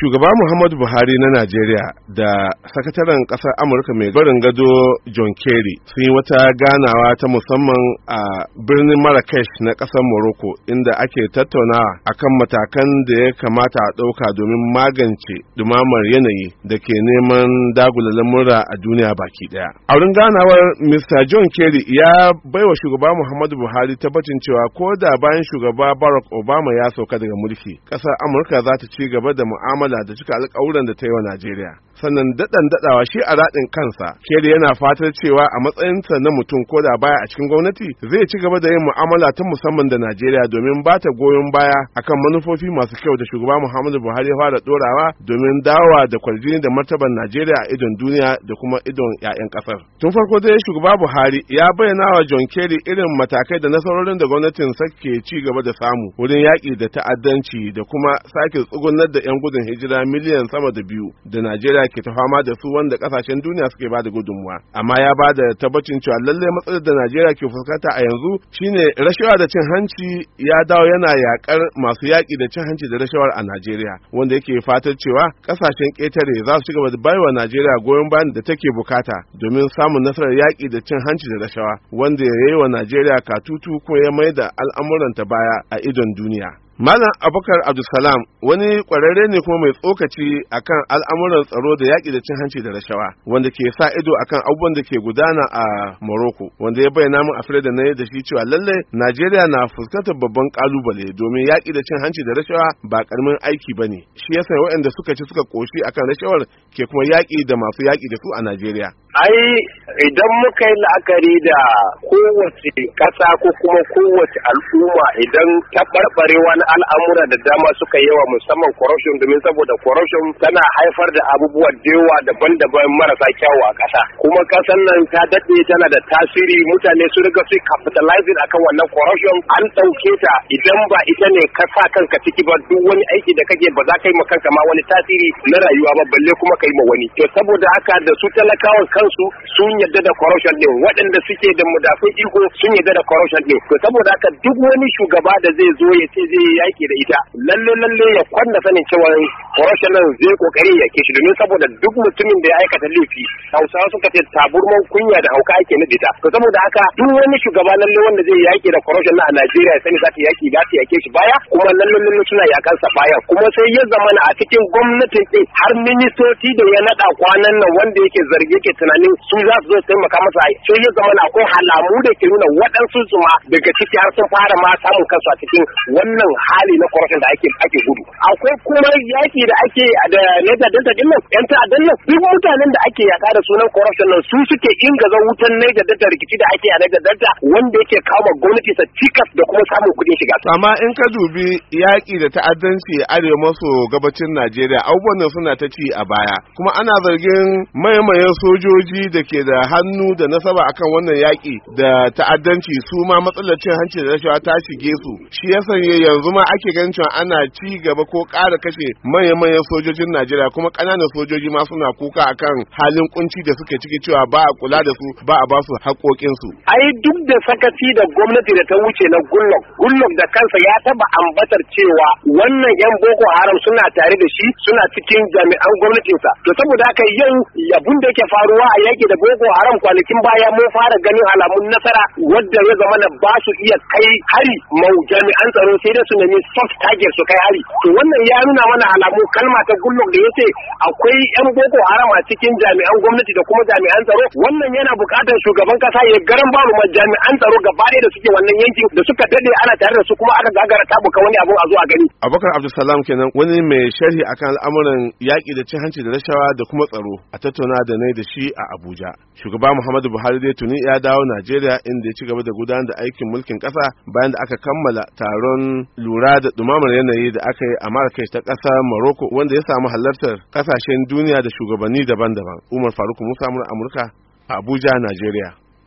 shugaba muhammadu buhari na najeriya da sakataren kasar amurka mai barin gado john kerry sun yi wata ganawa ta musamman a birnin marrakesh na kasar morocco inda ake tattaunawa kan matakan da ya kamata a ɗauka domin magance dumamar yanayi da ke neman dagula lamura a duniya baki daya a wurin ganawar mr john kerry ya baiwa shugaba muhammadu buhari tabbacin cewa ko da bayan shugaba barack obama ya sauka daga mulki kasar amurka za ta ci gaba da mu'amala kammala da cika alƙawuran da ta yi wa Najeriya. Sannan daɗan daɗawa shi a raɗin kansa, Kerry yana fatar cewa a matsayinsa na mutum ko da baya a cikin gwamnati zai ci gaba da yin mu'amala ta musamman da Najeriya domin ba ta goyon baya akan manufofi masu kyau da shugaba Muhammadu Buhari fara ɗorawa domin dawowa da kwaljini da martaban Najeriya a idon duniya da kuma idon 'ya'yan ƙasar. Tun farko dai shugaba Buhari ya bayyana wa John Kerry irin matakai da nasarorin da gwamnatin sake ci gaba da samu wurin yaƙi da ta'addanci da kuma sake tsugunar da 'yan gudun hijira. hijira miliyan sama da biyu da Najeriya ke ta fama da su wanda kasashen duniya suke ba da gudunmuwa. Amma ya ba da tabbacin cewa lalle matsalar da Najeriya ke fuskanta a yanzu shine rashawa da cin hanci ya dawo yana yakar masu yaƙi da cin hanci da rashawar a Najeriya wanda yake fatar cewa kasashen ƙetare za su cigaba da baiwa Najeriya goyon bayan da take bukata domin samun nasarar yaƙi da cin hanci da rashawa wanda ya yi wa Najeriya katutu kuma ya mai da al'amuranta baya a idon duniya. Malam Abubakar Abdulsalam wani kwararre ne kuma mai tsokaci akan al'amuran tsaro da yaƙi da cin hanci da rashawa wanda ke sa ido akan abubuwan da ke gudana a Morocco wanda ya bayyana min afira da na da shi cewa lalle Najeriya na fuskantar babban kalubale domin yaƙi da cin hanci da rashawa ba karamin aiki bane shi yasa waɗanda suka ci suka koshi akan rashawar ke kuma yaƙi da masu yaƙi da su a Najeriya ai idan muka yi la'akari da kowace ƙasa ko kuma kowace al'umma idan barbare wani al'amura da dama suka yi yawa musamman corruption domin saboda corruption tana haifar da abubuwa da daban-daban marasa kyawu a ƙasa kuma ƙasar nan ta daɗe tana da tasiri mutane su riga su capitalizing akan wannan corruption an ɗauke ta idan ba ita ne ka kanka ciki ba duk wani aiki da kake ba za ka yi ma kanka ma wani tasiri na rayuwa ba balle kuma ka yi ma wani to saboda haka da su talakawan kansu sun yadda da corruption din waɗanda suke da mudafin iko sun yadda da corruption din to saboda haka duk wani shugaba da zai zo ya ce zai yaki da ita lalle lalle ya kwanna sanin cewa corruption nan zai kokari ya kishi domin saboda duk mutumin da ya aikata laifi Hausawa suka ce taburman kunya da hauka ake na ta to saboda haka duk wani shugaba lalle wanda zai yaki da corruption na a Najeriya ya sani za ta yaki za ta yake shi baya kuma lalle lalle suna yakan sa baya kuma sai ya zamana a cikin gwamnatin din har ministoci da ya nada kwanan nan wanda yake zargi yake tunanin su za su zo taimaka masa sai ya zama na akwai halamu da ke nuna waɗansu su ma daga ciki har sun fara ma samun kansu a cikin wannan hali na korafin da ake ake gudu akwai kuma yaki da ake da na delta din nan yan ta'addan nan duk mutanen da ake yaka da sunan corruption nan su suke ingaza wutan Niger Delta rikici da ake a Niger Delta wanda yake kawo ma gwamnati sa cikas da kuma samun kuɗin shiga amma in ka dubi yaki da ta'addanci a arewa maso gabacin Najeriya abubuwan suna ta ci a baya kuma ana zargin maimaiyan sojoji sojoji da ke da hannu da nasaba akan wannan yaƙi da ta'addanci su ma matsalar cin hanci da rashawa ta shige su shi ya sanya yanzu ma ake ganin cewa ana ci gaba ko ƙara kashe manya-manyan sojojin Najeriya kuma ƙananan sojoji ma suna kuka akan halin kunci da suke ciki cewa ba a kula da su ba a ba su haƙoƙin su ai duk da sakaci da gwamnati da ta wuce na gullog gullog da kansa ya taba ambatar cewa wannan yan Boko Haram suna tare da shi suna cikin jami'an gwamnatinsa to saboda haka yau abun da yake faruwa a yaki da boko haram kwanakin baya mun fara ganin alamun nasara wadda ya zama na ba su iya kai hari mau jami'an tsaro sai da su nemi soft target su kai hari to wannan ya nuna mana alamu kalma ta gullo da yace akwai yan boko haram a cikin jami'an gwamnati da kuma jami'an tsaro wannan yana buƙatar shugaban kasa ya garan ba ma jami'an tsaro gaba da suke wannan yankin da suka dade ana tare da su kuma aka gagara tabuka wani abu a zuwa gani abubakar abdulsalam kenan wani mai sharhi akan al'amuran yaki da cin hanci da rashawa da kuma tsaro a tattauna da ne da shi a Abuja. Shugaba Muhammadu Buhari dai tuni ya dawo Najeriya inda ya ci gaba da gudanar da aikin mulkin ƙasa bayan da aka kammala taron lura da dumamar yanayi da aka yi a Marrakesh ta ƙasar Morocco wanda ya samu halartar ƙasashen duniya da shugabanni daban-daban. Umar Faruk Musa Amurka, a Abuja, Najeriya.